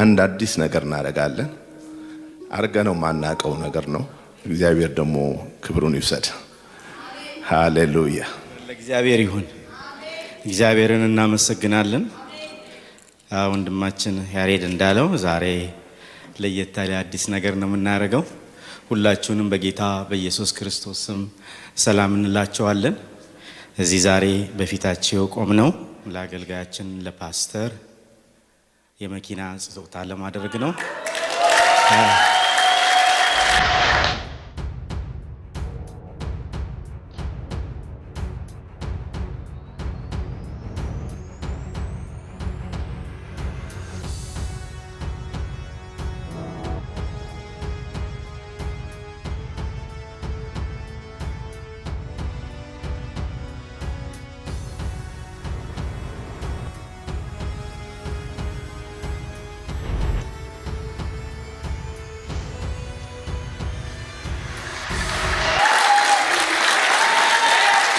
አንድ አዲስ ነገር እናደርጋለን። አርገ ነው የማናውቀው ነገር ነው። እግዚአብሔር ደግሞ ክብሩን ይውሰድ። ሃሌሉያ ለእግዚአብሔር ይሁን። እግዚአብሔርን እናመሰግናለን። ወንድማችን ያሬድ እንዳለው ዛሬ ለየት ያለ አዲስ ነገር ነው የምናደርገው። ሁላችሁንም በጌታ በኢየሱስ ክርስቶስ ስም ሰላም እንላቸዋለን። እዚህ ዛሬ በፊታቸው ቆም ነው ለአገልጋያችን ለፓስተር የመኪና ስጦታ ለማድረግ ነው።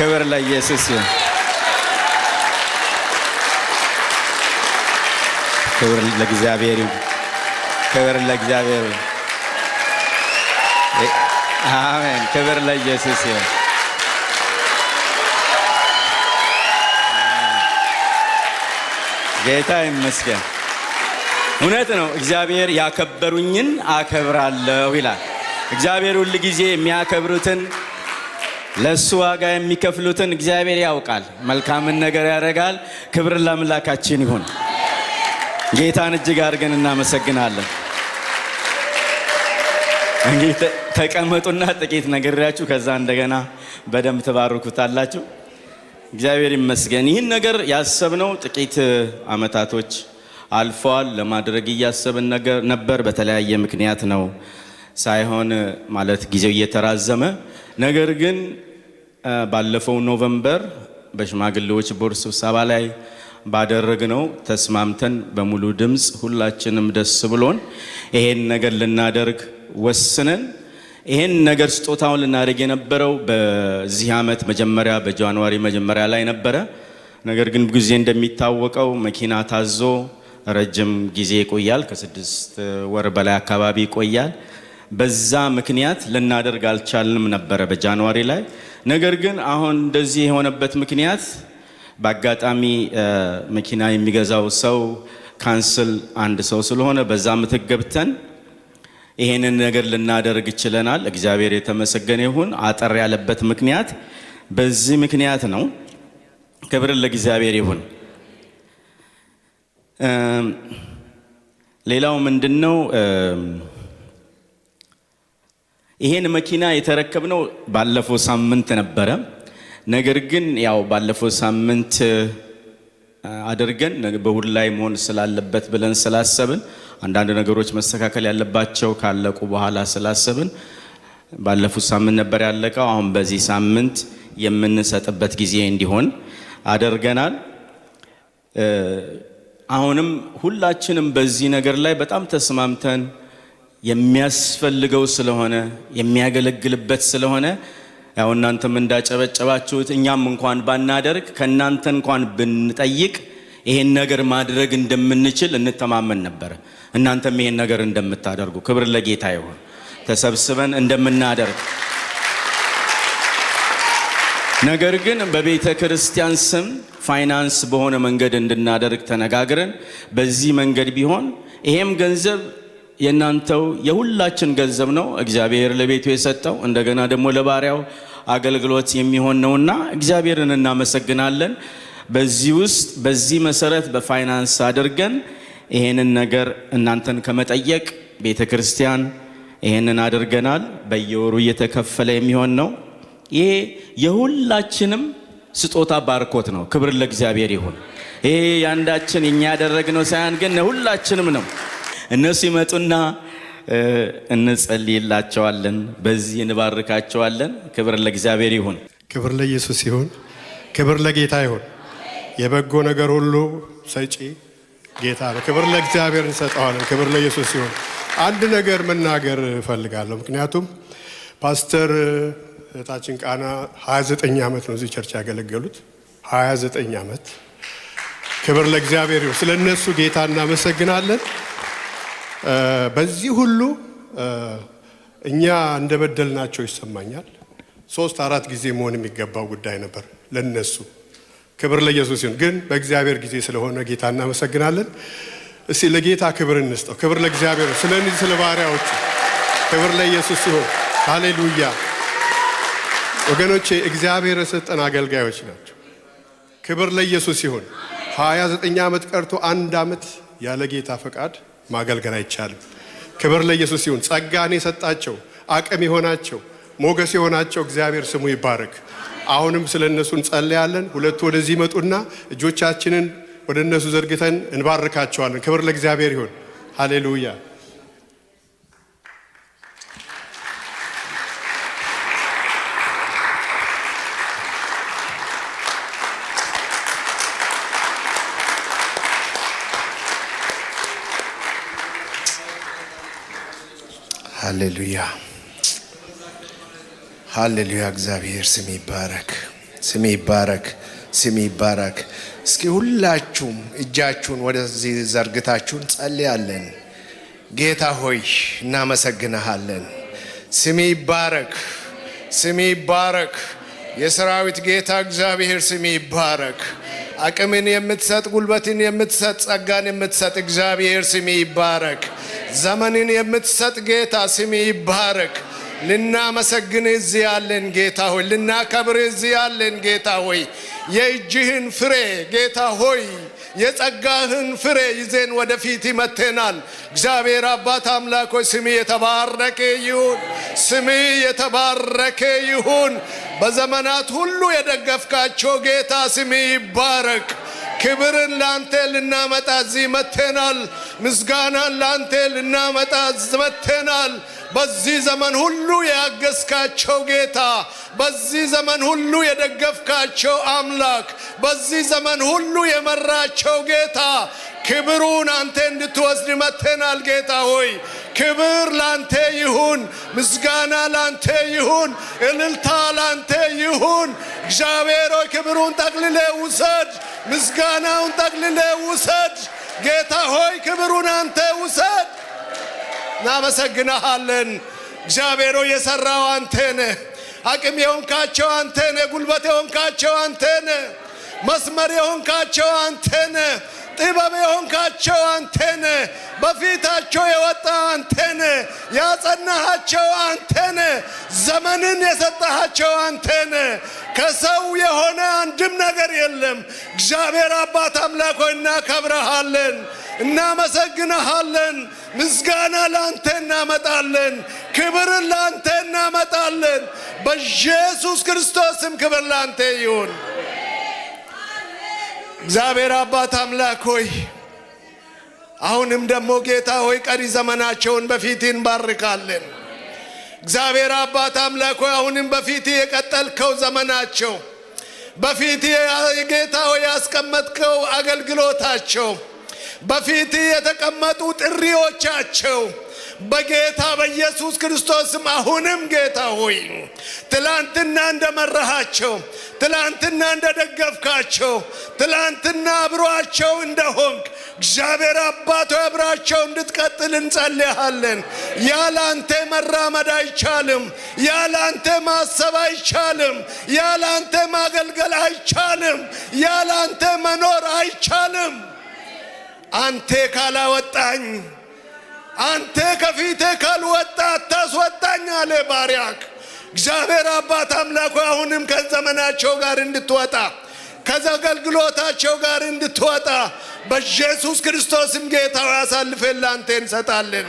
ክብር ለኢየሱስ ይሁን። ክብር ለእግዚአብሔር ይሁን። ክብር ለእግዚአብሔር ይሁን። አሜን። ክብር ለኢየሱስ ይሁን። ጌታ ይመስገን። እውነት ነው። እግዚአብሔር ያከበሩኝን አከብራለሁ ይላል። እግዚአብሔር ሁል ጊዜ የሚያከብሩትን ለእሱ ዋጋ የሚከፍሉትን እግዚአብሔር ያውቃል። መልካምን ነገር ያደርጋል። ክብር ለአምላካችን ይሁን። ጌታን እጅግ አድርገን እናመሰግናለን። እንግዲህ ተቀመጡና ጥቂት ነግሬያችሁ ከዛ እንደገና በደንብ ትባርኩታላችሁ። እግዚአብሔር ይመስገን። ይህን ነገር ያሰብነው ጥቂት አመታቶች አልፈዋል። ለማድረግ እያሰብን ነበር። በተለያየ ምክንያት ነው ሳይሆን ማለት ጊዜው እየተራዘመ ነገር ግን ባለፈው ኖቨምበር በሽማግሌዎች ቦርድ ስብሰባ ላይ ባደረግነው ተስማምተን በሙሉ ድምፅ ሁላችንም ደስ ብሎን ይሄን ነገር ልናደርግ ወስነን ይሄን ነገር ስጦታውን ልናደርግ የነበረው በዚህ ዓመት መጀመሪያ በጃንዋሪ መጀመሪያ ላይ ነበረ። ነገር ግን ጊዜ እንደሚታወቀው መኪና ታዞ ረጅም ጊዜ ይቆያል። ከስድስት ወር በላይ አካባቢ ይቆያል። በዛ ምክንያት ልናደርግ አልቻልንም ነበረ በጃንዋሪ ላይ። ነገር ግን አሁን እንደዚህ የሆነበት ምክንያት በአጋጣሚ መኪና የሚገዛው ሰው ካንስል አንድ ሰው ስለሆነ በዛ ምትክ ገብተን ይሄንን ነገር ልናደርግ ችለናል። እግዚአብሔር የተመሰገነ ይሁን። አጠር ያለበት ምክንያት በዚህ ምክንያት ነው። ክብር ለእግዚአብሔር ይሁን። ሌላው ምንድን ነው? ይሄን መኪና የተረከብነው ባለፈው ሳምንት ነበረ። ነገር ግን ያው ባለፈው ሳምንት አድርገን በእሁድ ላይ መሆን ስላለበት ብለን ስላሰብን አንዳንድ ነገሮች መስተካከል ያለባቸው ካለቁ በኋላ ስላሰብን ባለፉት ሳምንት ነበር ያለቀው። አሁን በዚህ ሳምንት የምንሰጥበት ጊዜ እንዲሆን አድርገናል። አሁንም ሁላችንም በዚህ ነገር ላይ በጣም ተስማምተን የሚያስፈልገው ስለሆነ የሚያገለግልበት ስለሆነ ያው እናንተም እንዳጨበጨባችሁት እኛም እንኳን ባናደርግ ከእናንተ እንኳን ብንጠይቅ ይሄን ነገር ማድረግ እንደምንችል እንተማመን ነበር። እናንተም ይሄን ነገር እንደምታደርጉ ክብር ለጌታ ይሁን። ተሰብስበን እንደምናደርግ ነገር ግን በቤተ ክርስቲያን ስም ፋይናንስ በሆነ መንገድ እንድናደርግ ተነጋግረን በዚህ መንገድ ቢሆን ይሄም ገንዘብ የእናንተው የሁላችን ገንዘብ ነው፣ እግዚአብሔር ለቤቱ የሰጠው እንደገና ደግሞ ለባሪያው አገልግሎት የሚሆን ነውና እግዚአብሔርን እናመሰግናለን። በዚህ ውስጥ በዚህ መሰረት በፋይናንስ አድርገን ይሄንን ነገር እናንተን ከመጠየቅ ቤተ ክርስቲያን ይሄንን አድርገናል። በየወሩ እየተከፈለ የሚሆን ነው። ይሄ የሁላችንም ስጦታ ባርኮት ነው። ክብር ለእግዚአብሔር ይሁን። ይሄ ያንዳችን እኛ ያደረግነው ሳያን ግን ሁላችንም ነው። እነሱ ይመጡና እንጸልይላቸዋለን፣ በዚህ እንባርካቸዋለን። ክብር ለእግዚአብሔር ይሁን፣ ክብር ለኢየሱስ ይሁን፣ ክብር ለጌታ ይሁን። የበጎ ነገር ሁሉ ሰጪ ጌታ ነው። ክብር ለእግዚአብሔር እንሰጠዋለን። ክብር ለኢየሱስ ይሁን። አንድ ነገር መናገር እፈልጋለሁ። ምክንያቱም ፓስተር እህታችን ቃና 29 ዓመት ነው እዚህ ቸርች ያገለገሉት 29 ዓመት። ክብር ለእግዚአብሔር ይሁን። ስለ እነሱ ጌታ እናመሰግናለን። በዚህ ሁሉ እኛ እንደበደልናቸው ይሰማኛል። ሶስት አራት ጊዜ መሆን የሚገባው ጉዳይ ነበር ለነሱ። ክብር ለኢየሱስ ይሁን። ግን በእግዚአብሔር ጊዜ ስለሆነ ጌታ እናመሰግናለን። እስቲ ለጌታ ክብር እንስጠው። ክብር ለእግዚአብሔር ስለዚህ ስለ ባሪያዎቹ ክብር ለኢየሱስ ይሁን። ሃሌሉያ ወገኖቼ፣ እግዚአብሔር የሰጠን አገልጋዮች ናቸው። ክብር ለኢየሱስ ይሁን። 29 ዓመት ቀርቶ አንድ ዓመት ያለ ጌታ ፈቃድ ማገልገል አይቻልም። ክብር ለኢየሱስ ይሁን። ጸጋን የሰጣቸው አቅም የሆናቸው ሞገስ የሆናቸው እግዚአብሔር ስሙ ይባረክ። አሁንም ስለ እነሱ እንጸለያለን። ሁለቱ ወደዚህ ይመጡና እጆቻችንን ወደ እነሱ ዘርግተን እንባርካቸዋለን። ክብር ለእግዚአብሔር ይሁን። ሃሌሉያ ሃሌሉያ ሃሌሉያ። እግዚአብሔር ስም ይባረክ፣ ስም ይባረክ፣ ስም ይባረክ። እስኪ ሁላችሁም እጃችሁን ወደዚህ ዘርግታችሁን ጸልያለን። ጌታ ሆይ እናመሰግንሃለን። ስም ይባረክ፣ ስም ይባረክ። የሰራዊት ጌታ እግዚአብሔር ስም ይባረክ። አቅምን የምትሰጥ ጉልበትን የምትሰጥ ጸጋን የምትሰጥ እግዚአብሔር ስም ይባረክ። ዘመንን የምትሰጥ ጌታ ስም ይባረክ። ልናመሰግን እዚህ ያለን ጌታ ሆይ፣ ልናከብር እዚህ ያለን ጌታ ሆይ፣ የእጅህን ፍሬ ጌታ ሆይ የጸጋህን ፍሬ ይዜን ወደፊት ይመተናል። እግዚአብሔር አባት አምላክ ሆይ ስምህ የተባረከ ይሁን፣ ስምህ የተባረከ ይሁን። በዘመናት ሁሉ የደገፍካቸው ጌታ ስምህ ይባረክ። ክብርን ላንተ ልናመጣ እዚህ መጥተናል። ምስጋናን ላንተ ልናመጣ መጥተናል። በዚህ ዘመን ሁሉ ያገዝካቸው ጌታ፣ በዚህ ዘመን ሁሉ የደገፍካቸው አምላክ፣ በዚህ ዘመን ሁሉ የመራቸው ጌታ ክብሩን አንተ እንድትወስድ መተናል። ጌታ ሆይ ክብር ላንተ ይሁን፣ ምስጋና ላንተ ይሁን፣ እልልታ ላንተ ይሁን። እግዚአብሔር ሆይ ክብሩን ጠቅልለ ውሰድ፣ ምስጋናውን ጠቅልለ ውሰድ። ጌታ ሆይ ክብሩን አንተ ውሰድ። እናመሰግናሃለን። እግዚአብሔር ሆይ የሠራው አንተ ነህ። አቅም የሆንካቸው አንተ ነህ። ጉልበት የሆንካቸው አንተ ነህ። መስመር የሆንካቸው አንተ ነህ። ጥበብ የሆንካቸው አንተን፣ በፊታቸው የወጣ አንተን፣ ያጸናሃቸው አንተን፣ ዘመንን የሰጠሃቸው አንተን። ከሰው የሆነ አንድም ነገር የለም። እግዚአብሔር አባት አምላክ ሆይ እናከብረሃለን፣ እናመሰግነሃለን። ምስጋና ለአንተ እናመጣለን። ክብርን ለአንተ እናመጣለን። በኢየሱስ ክርስቶስም ክብር ለአንተ ይሁን። እግዚአብሔር አባት አምላክ ሆይ አሁንም ደግሞ ጌታ ሆይ ቀሪ ዘመናቸውን በፊት እንባርካለን። እግዚአብሔር አባት አምላክ ሆይ አሁንም በፊት የቀጠልከው ዘመናቸው በፊት ጌታ ሆይ ያስቀመጥከው አገልግሎታቸው በፊት የተቀመጡ ጥሪዎቻቸው በጌታ በኢየሱስ ክርስቶስም አሁንም ጌታ ሆይ ትላንትና እንደመራሃቸው፣ ትላንትና እንደደገፍካቸው፣ ትላንትና አብሯቸው እንደሆንክ እግዚአብሔር አባቶ አብራቸው እንድትቀጥል እንጸልያለን። ያላንተ መራመድ አይቻልም። ያላንተ ማሰብ አይቻልም። ያላንተ ማገልገል አይቻልም። ያላንተ መኖር አይቻልም። አንቴ ካላወጣኝ አንተ ከፊቴ ካልወጣ አታስወጣኝ አለ ባሪያክ። እግዚአብሔር አባት አምላኩ አሁንም ከዘመናቸው ጋር እንድትወጣ አገልግሎታቸው ጋር እንድትወጣ በኢየሱስ ክርስቶስም ጌታው አሳልፈን ላንተ እንሰጣለን።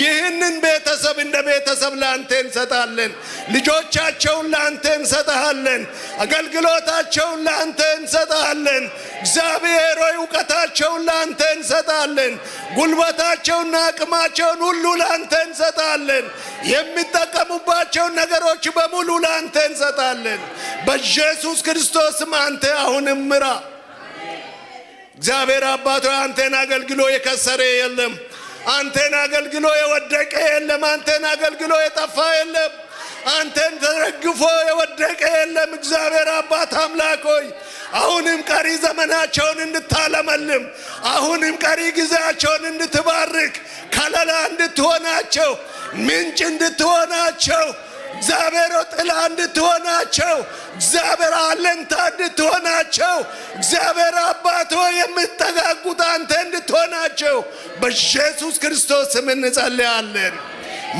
ይህንን ቤተሰብ እንደ ቤተሰብ ላንተ እንሰጣለን። ልጆቻቸውን ላንተ እንሰጣለን። አገልግሎታቸውን ላንተ እንሰጣለን። እግዚአብሔር ሆይ እውቀታቸውን ላንተ እንሰጣለን። ጉልበታቸውና አቅማቸውን ሁሉ ላንተ እንሰጣለን። የሚጠቀሙባቸውን ነገሮች በሙሉ ላንተ እንሰጣለን። በኢየሱስ ክርስቶስም አንተ አሁንም ምራ። እግዚአብሔር አባቶ አንተን አገልግሎ የከሰረ የለም። አንተን አገልግሎ የወደቀ የለም። አንተን አገልግሎ የጠፋ የለም። አንተን ተረግፎ የወደቀ የለም። እግዚአብሔር አባት አምላክ ሆይ አሁንም ቀሪ ዘመናቸውን እንድታለመልም፣ አሁንም ቀሪ ጊዜያቸውን እንድትባርክ፣ ከለላ እንድትሆናቸው፣ ምንጭ እንድትሆናቸው እግዚአብሔር ጥላ እንድትሆናቸው፣ እግዚአብሔር አለንታ እንድትሆናቸው፣ እግዚአብሔር አባት ሆይ የምትጠጋጉት አንተ እንድትሆናቸው በኢየሱስ ክርስቶስ ስም እንጸልያለን።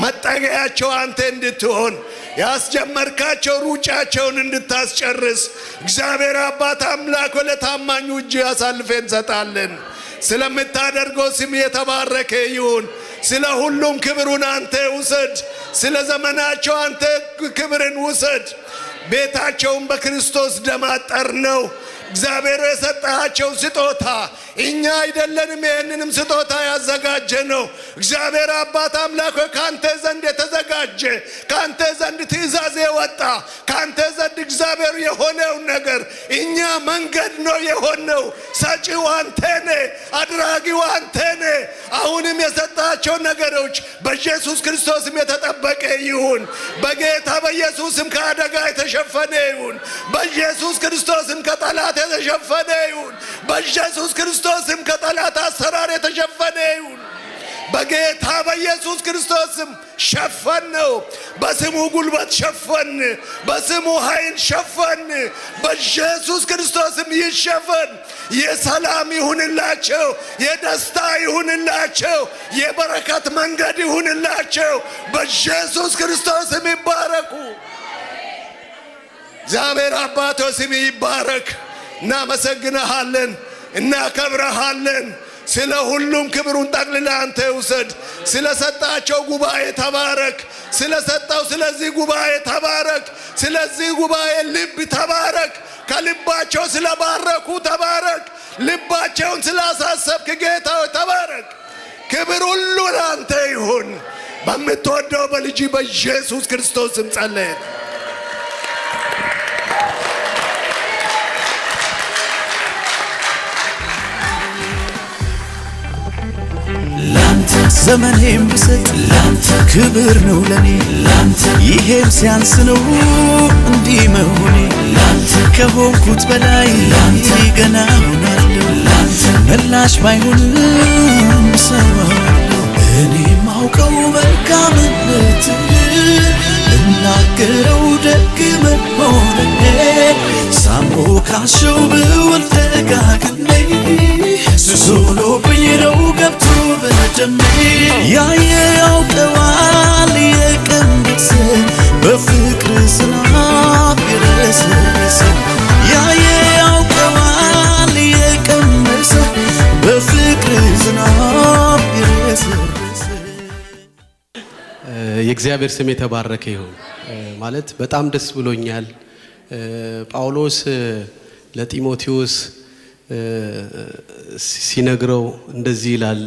መጠገያቸው አንተ እንድትሆን ያስጀመርካቸው ሩጫቸውን እንድታስጨርስ እግዚአብሔር አባት አምላክ ለታማኙ እጅ አሳልፌ እንሰጣለን። ስለምታደርገው ስም የተባረከ ይሁን። ስለ ሁሉም ክብሩን አንተ ውሰድ። ስለ ዘመናቸው አንተ ክብርን ውሰድ። ቤታቸውን በክርስቶስ ደም አጠር ነው። እግዚአብሔር የሰጣቸው ስጦታ እኛ አይደለንም። ይህንንም ስጦታ ያዘጋጀ ነው እግዚአብሔር አባት አምላክ ከአንተ ዘንድ የተዘጋጀ ከአንተ ዘንድ ትእዛዝ የወጣ ከአንተ ዘንድ እግዚአብሔር የሆነው ነገር እኛ መንገድ ነው የሆነው። ሰጪው ነህ፣ አድራጊው ነህ። አሁንም የሰጣቸው ነገሮች በኢየሱስ ክርስቶስም የተጠበቀ ይሁን። በጌታ በኢየሱስም ከአደጋ የተሸፈነ ይሁን። በኢየሱስ ክርስቶስም ከጠላት ከኃጢአት የተሸፈነ ይሁን። በኢየሱስ ክርስቶስም ከጠላት አሰራር የተሸፈነ ይሁን። በጌታ በኢየሱስ ክርስቶስም ሸፈን ነው። በስሙ ጉልበት ሸፈን፣ በስሙ ኃይል ሸፈን። በኢየሱስ ክርስቶስም ይሸፈን። የሰላም ይሁንላቸው፣ የደስታ ይሁንላቸው፣ የበረከት መንገድ ይሁንላቸው። በኢየሱስ ክርስቶስም ይባረኩ። እግዚአብሔር አባቶ ስም ይባረክ። እናመሰግንሃለን፣ እናከብረሃለን። ስለ ሁሉም ክብሩን ጠቅልላ አንተ ውሰድ። ስለ ሰጣቸው ጉባኤ ተባረክ። ስለ ሰጠው ስለዚህ ጉባኤ ተባረክ። ስለዚህ ጉባኤ ልብ ተባረክ። ከልባቸው ስለ ባረኩ ተባረክ። ልባቸውን ስላሳሰብክ ጌታ ተባረክ። ክብር ሁሉ ለአንተ ይሁን። በምትወደው በልጅ በኢየሱስ ክርስቶስ ስም ጸለየን። ዘመኔም ብሰጥ ክብር ነው ለኔ ይሄም ሲያንስ ነው እንዲህ መሆኔ ከሆንኩት በላይ ገና ሆናለሁ ምላሽ ባይሆንም ሰዋለሁ እኔም አውቀው መልካምነት እናገረው ደግ መሆነ ሳሞ ብውል ደጋግሜ ቶሎብኝ ነው ገብቶ በደሜ ያየ ያውቀዋል የቀን በፍቅር ዝናብ ያየ ያውቀዋል በፍቅር የእግዚአብሔር ስም የተባረከ ይሁን። ማለት በጣም ደስ ብሎኛል ጳውሎስ ለጢሞቴዎስ ሲነግረው እንደዚህ ይላል።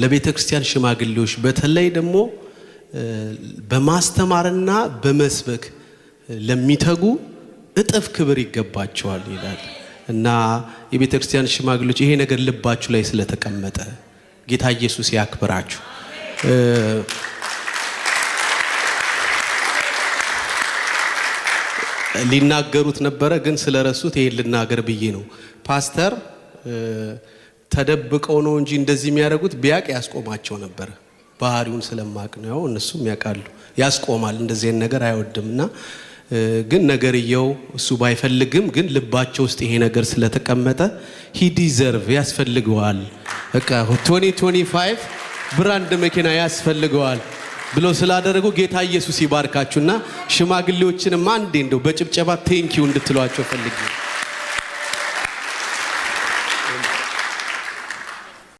ለቤተ ክርስቲያን ሽማግሌዎች በተለይ ደግሞ በማስተማርና በመስበክ ለሚተጉ እጥፍ ክብር ይገባቸዋል ይላል እና የቤተ ክርስቲያን ሽማግሌዎች ይሄ ነገር ልባችሁ ላይ ስለተቀመጠ ጌታ ኢየሱስ ያክብራችሁ። ሊናገሩት ነበረ፣ ግን ስለረሱት ይሄን ልናገር ብዬ ነው። ፓስተር ተደብቀው ነው እንጂ እንደዚህ የሚያደርጉት ቢያቅ ያስቆማቸው ነበረ። ባህሪውን ስለማቅ ነው። ያው እነሱም ያውቃሉ። ያስቆማል፣ እንደዚህን ነገር አይወድም እና ግን ነገርየው እሱ ባይፈልግም ግን ልባቸው ውስጥ ይሄ ነገር ስለተቀመጠ ዲዘርቭ ያስፈልገዋል። በቃ 2025 ብራንድ መኪና ያስፈልገዋል። ብሎ ስላደረጉ ጌታ ኢየሱስ ይባርካችሁና ሽማግሌዎችንም አንዴ እንደው በጭብጨባ ቴንኪው እንድትሏቸው ፈልጌ